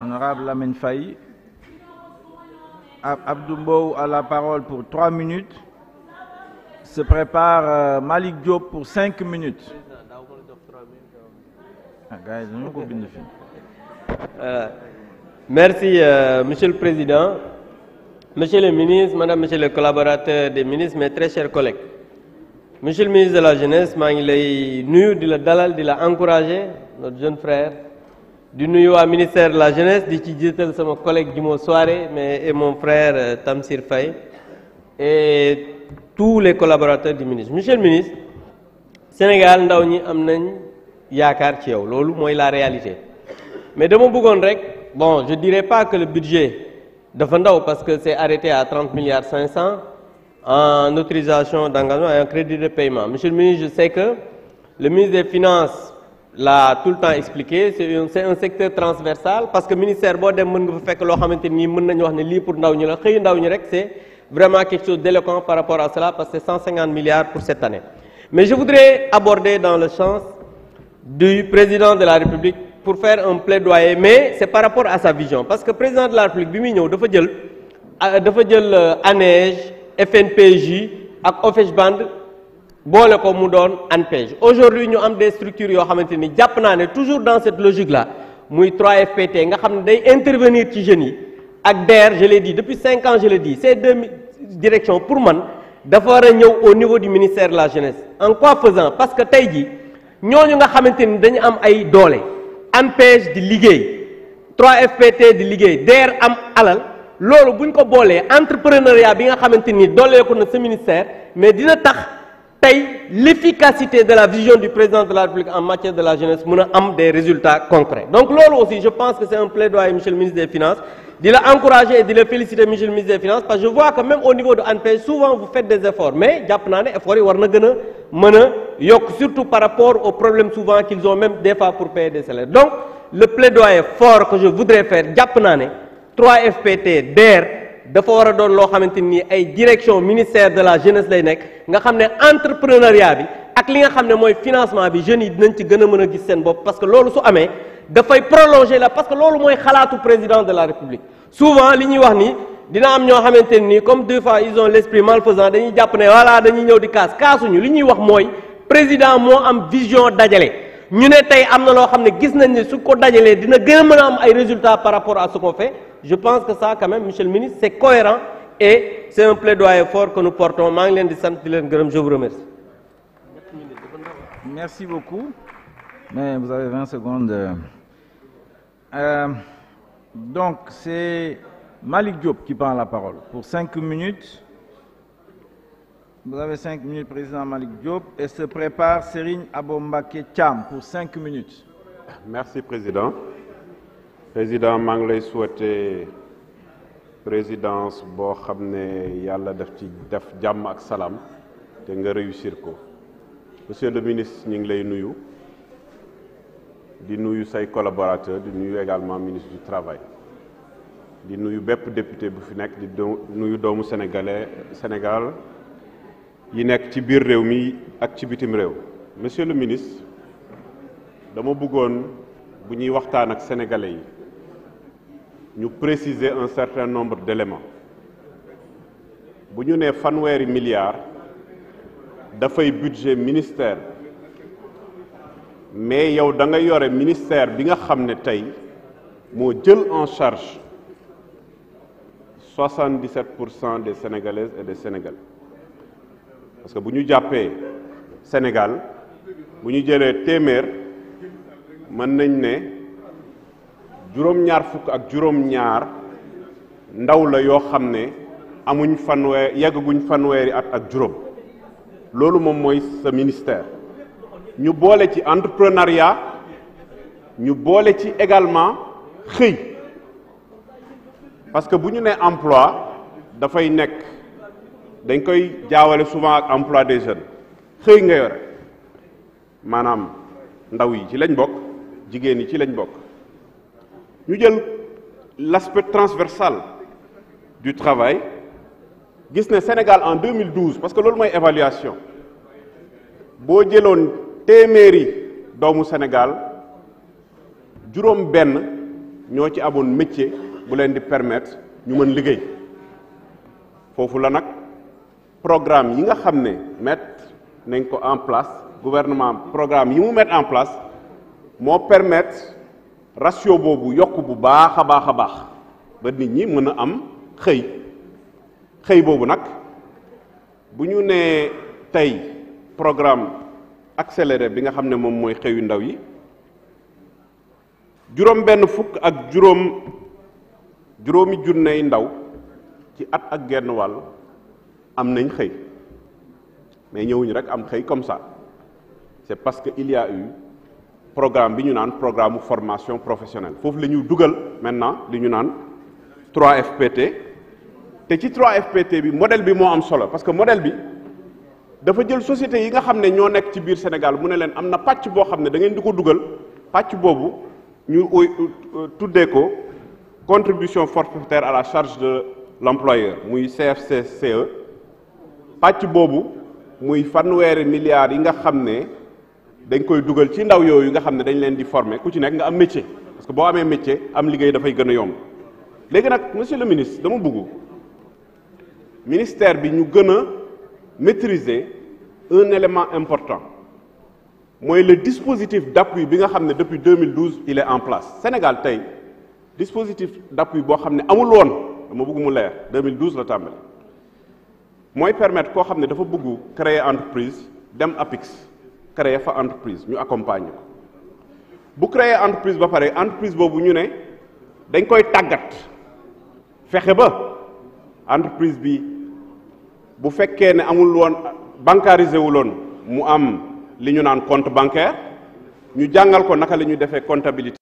Honorable Lamine Faye. Abdou Mbow la parole pour trois minutes. Se prépare euh, Malick Diop pour cinq minutes. Ah, euh, merci euh, Monsieur le Président, Monsieur le ministre, Madame, Monsieur le collaborateur des ministres, mes très chers collègues. Monsieur le ministre de la Jeunesse maa ngi lay nuyu di la dalal di la encourager notre jeune frère. di nuyu waa ministère de la jeunesse di ci jiital sama collègue Jimo Soare mais et mon frère euh, Tamsir Faye et tous les collaborateurs du ministre monsieur le ministre Sénégal ndaw ñi am nañ yaakaar ci yow loolu mooy la réalité mais dama bëggoon rek bon je dirais pas que le budget dafa ndaw parce que c'est arrêté à 30 milliards 500 en autorisation d'engagement et en crédit de paiement monsieur le ministre je sais que le ministre des finances l'a tout le temps expliqué c'est un c'est secteur transversal parce que ministère boo dem mën nga fa fekk loo xamante ni mën nañu wax ne lii pour ndaw ñi la xëy ndaw ñi rek c'est vraiment quelque chose d'éloquent par rapport à cela parce que milliards pour cette année mais je voudrais aborder dans le sens du président de la République pour faire un plaidoyer mais c'est par rapport à sa vision parce que président de la République bi muy ñëw dafa jël euh, ann jël euh, ANEJ FNPJ boole ko mu doon ANPEJ aujourd'hui ñu am des structures yoo xamante ni jàpp naa ne toujours dans cette logique la muy 3FPT nga xam ne day intervenir ci jeunes yi ak DER je depuis cinq ans je l'ai dit ces deux pour man dafa war a ñëw au niveau du ministère de la jeunesse en quoi faisant parce que tey ji ñooñu nga xamante ni dañu am ay doole ANPEJ di liggéey 3FPT di liggéey DER am alal loolu buñ ko boolee entrepreneuriat bi nga xamante ni dooleeku na sa mais dina tax tey l'efficacité de la vision du président de la République en matière de la jeunesse mën a am des résultats concrets donc loolu aussi je pense que c'est un plaidoyer monsieur le ministre des finances di la encourager et di la féliciter monsieur le ministre des finances parce que je vois que même au niveau de ANPEJ souvent vous faites des efforts mais jàpp naa ne efforts yi war na a yokk surtout par rapport aux problèmes souvent qu'ils ont même des fois pour payer des salaires donc le plaidoyer fort que je voudrais naa ne 3FPT DER dafa war a doon loo xamante ni ay direction ministère de la jeunesse lay nekk nga xam ne entrepreneuriat bi ak li nga xam ne mooy financement bi jeunes yi dinañ ci gën a mën a gis seen bopp parce que loolu su amee dafay prolonger la parce que loolu mooy xalaatu président de la république souvent li ñuy wax ni dina am ñoo xamante nii comme deux fois ils ont l'esprit malfaisant dañuy jàpp ne voilà dañuy ñëw di kaas ñu li ñuy wax mooy président moo am vision dajale ñu ne tey am na loo xam ne gis nañ ne su ko dajalee dina gën a am ay résultats par rapport à ce qu'on fait je pense que ça quand même monsieur le ministre c'est cohérent et c'est un plaidoyer fort que nous portons maa ngi leen di sant di leen gërëm je vous remercie. beaucoup mais vous avez 20 secondes euh, donc c'est Malick Diop qui prend la parole pour cinq minutes. Vous avez cinq minutes, Président Malik Diop. Et se prépare Serigne Abombake Cham pour cinq minutes. Merci, Président. Président, maa ngi lay souhaiter présidence boo xam ne yàlla daf ci def jàmm ak salaam te nga réussir ko. Monsieur de ministre ñu ngi lay nuyu di nuyu say collaborateur di nuyu également ministre du travail. di nuyu bépp député bu fi nekk di nuyu doomu sénégalais Sénégal. yi nekk ci biir réew mi ak ci bitim réew monsieur le ministre dama bëggoon bu ñuy waxtaan ak sénégalais yi ñu préciser un certain nombre d'éléments bu ñu nee fanweeri milliards dafay budget ministère mais yow da nga yore ministère bi nga xam ne tey moo jël en charge dix 77 pour cent de sénégalaises et de sénégalais. parce bu ñu jàppee Sénégal bu ñu jëlee téeméer mën nañ ne juróom-ñaar fukk ak juróom-ñaar ndaw la yoo xam ne amuñ fanweer yeggaguñ fanweeri at ak juróom loolu moom mooy sa ministère ñu boole ci entrepreneuriat ñu boole ci également xëy parce que bu ñu nee emploi dafay nekk dañ koy jaawale souvent ak emploi des jeunes xëy nga yore maanaam ndaw yi ci lañ bokk jigéen yi ci lañ bokk ñu jël l'aspect transversal du travail gis ne Sénégal en 2012 parce que loolu mooy évaluation boo jëloon téeméeri doomu Sénégal juróom benn ñoo ci amoon métier bu leen di permettre ñu mën liggéey foofu la nag programme yi nga xam ne mettre nañ ko en place gouvernement programme yi mu mettre en place moo permettre ratio boobu yokk bu baax a baax a baax ba nit ñi mën a am xëy xëy boobu nag bu ñu nee tey programme accéléré bi nga xam ne moom mooy xëyu ndaw yi juróom benn fukk ak juróom juróomi junney ndaw ci at ak genn wàll am nañ xëy mais ñëwuñu rek am xëy comme ça c'est parce que il y a programme bi ñu naan programme formation professionnelle foofu la ñuy dugal maintenant li ñu naan 3FPT te ci 3FPT bi model bi moo am solo parce que modèle bi dafa jël société yi nga xam ne ñoo nekk ci biir Sénégal mu ne leen am na pàcc boo xam ne da ngeen di ko dugal pàcc boobu ñu tuddee ko contribution forfaitaire à la charge de l'employeur muy CFCCE pàcc boobu muy fanweeri milliards yi nga xam ne dañ koy dugal ci ndaw yooyu nga xam ne dañ leen di former ku ci nekk nga am métier parce que boo amee métier am liggéey dafay gën a yomb léegi nag monsieur le ministre dama bëgg ministère bi ñu gën a maîtriser un élément important mooy le dispositif d'appui bi nga xam ne depuis 2012 il est en place Sénégal tey dispositif d'appui boo xam ne amul woon dama bëgg mu leer 2012 la tàmbali. mooy permettre koo xam ne dafa bëgg créer entreprise dem APIX créer fa entreprise ñu accompagner ko bu créer entreprise ba pare entreprise boobu ñu ne dañ koy tàggat fexe ba entreprise bi bu fekkee ne amul woon bancarisé wu mu am li ñu naan compte bancaire ñu jàngal ko naka la ñuy defee comptabilité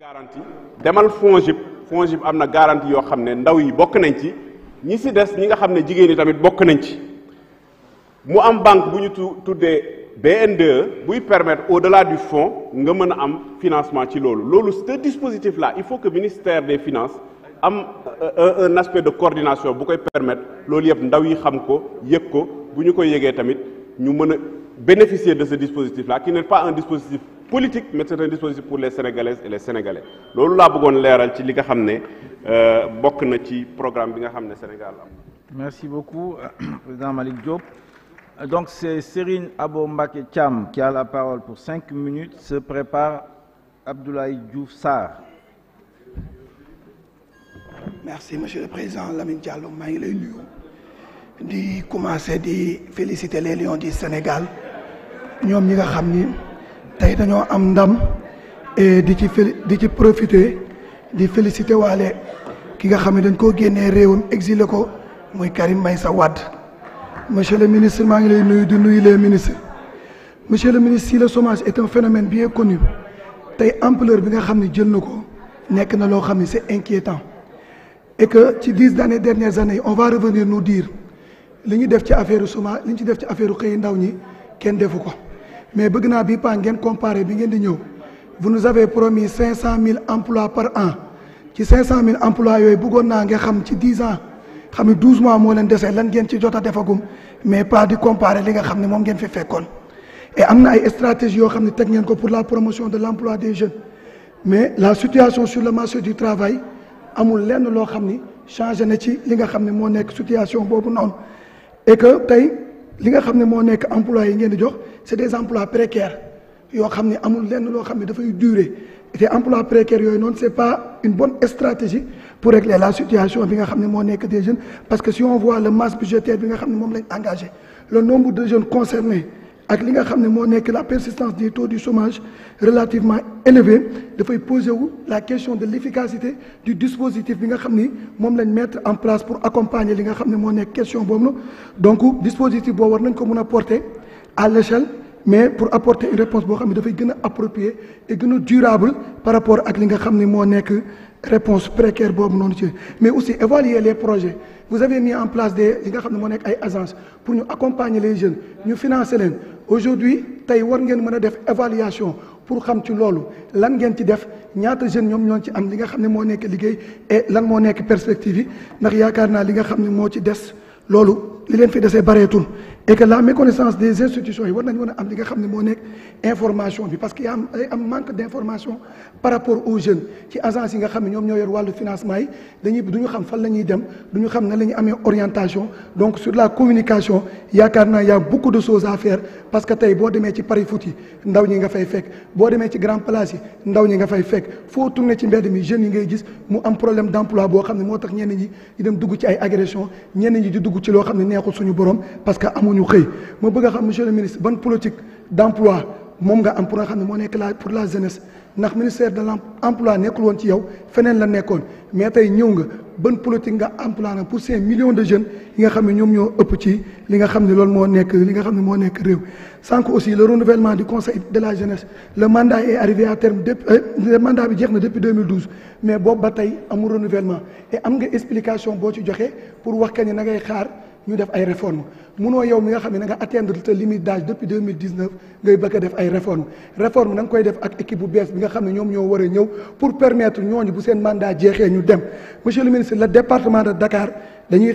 garanti demal FONGIP FONGIP am na garanti yoo xam ne ndaw yi bokk nañ ci ñi si des ñi nga xam ne jigéen yi tamit bokk nañ ci mu am banque bu ñu tu tuddee BNDE buy permettre de delà du fonds nga mën a am financement ci loolu loolu ce dispositif là il faut que ministère des finances am euh, euh, un aspect de coordination bu koy permettre loolu yëpp ndaw yi xam ko yëg ko bu ñu koy yëgee tamit ñu mën a bénéficier de ce dispositif là qui n'est pas un dispositif politique mettre un dispositif pour les sénégalaises et les sénégalais loolu laa leeral ci li nga xam ne euh, bokk na ci programme bi nga xam ne Sénégal merci beaucoup euh, président Malick Diop euh, donc c'est serine Abo Mbacké Thiam qui a la parole pour cinq minutes se prépare Abdoulaye Diouf Sarr merci monsieur le président Lamine Diallo maa ngi lay nuyu di commencer di féliciter les lions du Sénégal ñoom ñi nga xam ni tey dañoo am ndam et di ci féli di ci profité di félicité waale ki nga xam ne dañ koo génnee réewam exilé ko muy Karim Meïssa Wade monsieur le ministre maa ngi lay nuyu di nuyu les ministres monsieur le ministre si le chômage est un phénomène bien connu tey ampleur bi nga xam ne jël na ko nekk na loo xam ne c'est inquiétant et que ci dix années dernières années on va revenir nous dire li ñu def ci affaire chômage li ñu ci def ci affaire xëy ndaw ñi kenn defu ko mais bëgg naa bii pas ngeen comparé bi ngeen di ñëw vous nous avez promis cinq cent mille emplois par an ci cinq cent mille emplois yooyu bëggoon naa nga xam ci dix ans xam ne douze mois moo leen dese lan ngeen ci jot a defagum mais pas di comparer li nga xam ne moom ngeen fi fekkoon et am na ay stratégies yoo xam ne teg ngeen ko pour la promotion de l' emploi des jeunes mais la situation sur le marché du travail amul lenn loo xam ni changé na ci li nga xam ne moo nekk situation boobu noonu et que tey li nga xam ne moo nekk emploi yi ngeen di jox c'est des emplois précaires yoo xam ne amul lenn loo xam ne dafay durer te emploi précaire yooyu noonu c'est pas une bonne stratégie pour régler la situation bi nga xam ne moo nekk des jeunes parce que si on voit le masse budgétaire bi nga xam ne moom lañ engagé le nombre de jeunes concernés ak li nga xam ne moo nekk la persistance des taux du chômage relativement élevé dafay poser wu la question de l'efficacité du dispositif bi nga xam ni moom lañ mettre en place pour accompagner li nga xam ne moo nekk question boobu donc dispositif boobu war nañ ko mën a porter à l'échelle mais pour apporter une réponse boo xam ne dafay gën a appropriée et gën a durable par rapport ak li nga xam ni moo nekk réponse précaire boobu noonu ci mais aussi évaluer les projets vous avez mis en place des li nga xam ne moo nekk ay agence pour ñu accompagner les jeunes ñu financer leen aujourd'hui tey war ngeen mën a def évaluation pour xam ci loolu lan ngeen ci def ñaata jeunes ñoom ñoo ci am li nga xam ne moo nekk liggéey lan moo nekk perspective yi ndax yaakaar naa li nga xam ne moo ci des loolu li leen fi desee bareetul et que la méconnaissance des institutions yi war nañu mën a am li nga xam ne moo nekk information bi parce que y' am manque d' par rapport au jeunes ci agence yi nga xam ne ñoom ñoo yor wàllu financement yi dañuy ñu xam fan la ñuy dem du ñu xam na la ñuy amee orientation donc sur la communication yaakaar naa y' a beaucoup de choses affaire faire parce que tey boo demee ci Paris foot yi ndaw ñi nga fay fekk boo demee ci grand place yi ndaw ñi nga fay fekk foo tourné ci mbedd mi jeunes yi ngay gis mu am problème emploi boo xam ne moo tax ñenn ñi dugg ci ay agression ñenn ñi di dugg ci loo xam ne neexul suñu borom ñu xëy ma bëgg a xam monsieur le ministre ban politique d' emploi moom nga am pour nga xam ne moo nekk la pour la jeunesse ndax ministère de l' emploi nekkul woon ci yow feneen la nekkoon mais tey ñëw nga ban politique nga emploi na pour ces millions de jeunes yi nga xam ne ñoom ñoo ëpp ci li nga xam ne loolu moo nekk li nga xam ne moo nekk réew sànq aussi le renouvellement du conseil de la jeunesse le mandat est arrivé à terme depuis le mandat bi jeex na depuis 2012 mais boobu ba tey amul renouvellement et am nga explication boo ci joxe pour wax que na ngay xaar. ñu def ay réformes munoo yow mi nga xam ne da nga atteindre te limite d'âge depuis deux mille dix neuf ngay bëgg a def ay réformes réforme na koy def ak équipe bu bees bi nga xam ne ñoom ñoo war a ñëw pour permettre ñooñu bu seen mandat jeexee ñu dem monsieur le ministre le département de Dakar dañuy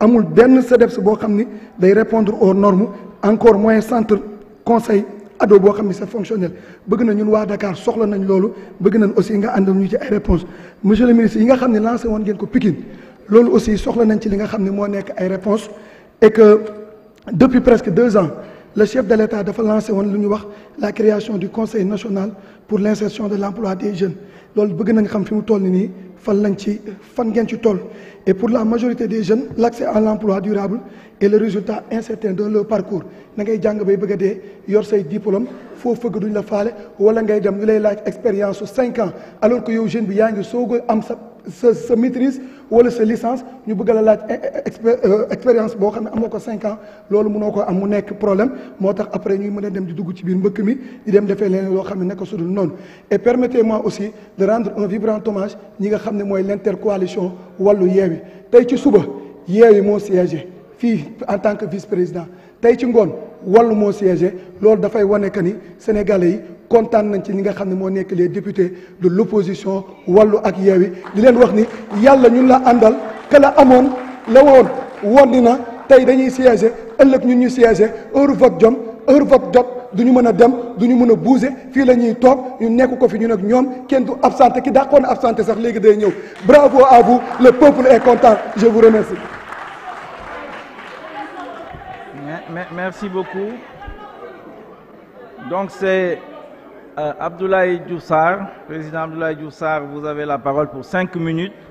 amul benn CDEPS e boo xam ni day répondre au norme encore moins centre conseil ado boo xam ni sa fonctionnel bëgg na ñun waa Dakar soxla nañ loolu bëgg nañ aussi nga àndal ñu ci ay réponses monsieur le yi nga xam ne lancé woon ngeen ko Pikine loolu aussi soxla nañ ci li nga xam ne moo nekk ay réponses et que depuis presque deux ans le chef de l'État dafa lancé woon lu ñu wax la création du conseil national pour l'insertion de l'emploi des jeunes loolu bëgg na nga xam fi mu toll nii fan lañ ci fan ngeen ci toll et pour la majorité des jeunes l'accès à l'emploi durable est le résultat incertain de leur parcours nangay ngay jàng bay bëgg dee yor say diplôme foo fëgg duñ la faale wala ngay dem ñu lay laaj expérience su cinq ans alors que yow jeune bi yaa ngi soog a am sa sa sa maîtrise wala sa licence ñu bëgg la laaj e, e, euh, expérience boo xam ne amoo ko cinq ans loolu mënoo ko am mu nekk problème moo tax après ñuy mën a dem di dugg ci biir mbëkk mi di dem defee leen loo xam ne nekk sudul noonu et permettez-moi aussi de rendre un vibrant hommage ñi nga xam ne mooy l'intercoalition wàllu yeewi tey ci suba yeewi moo siégé fii en tant que vice-président tey ci ngoon wàllu moo siégé loolu dafay wane que ni sénégalais yi kontaan nañ ci ñi nga xam ne moo nekk les députés de l' wallu ak yeewi di leen wax ni yàlla ñun la àndal que la amoon la woon woon tey dañuy siégé ëllëg ñun ñu siégé heure vote jom heure vote jot du ñu mën a dem du ñu mën a bougé fii la ñuy toog ñu nekk ko fi ñu nekk ñoom kenn du absenté ki dàqoon absenté sax léegi day ñëw bravo à vous le peuple est content je vous remercie. merci beaucoup donc c'est Euh, Abdoulaye Diouf Sarr, président Abdoulaye Diouf Sarr, vous avez la parole pour cinq minutes.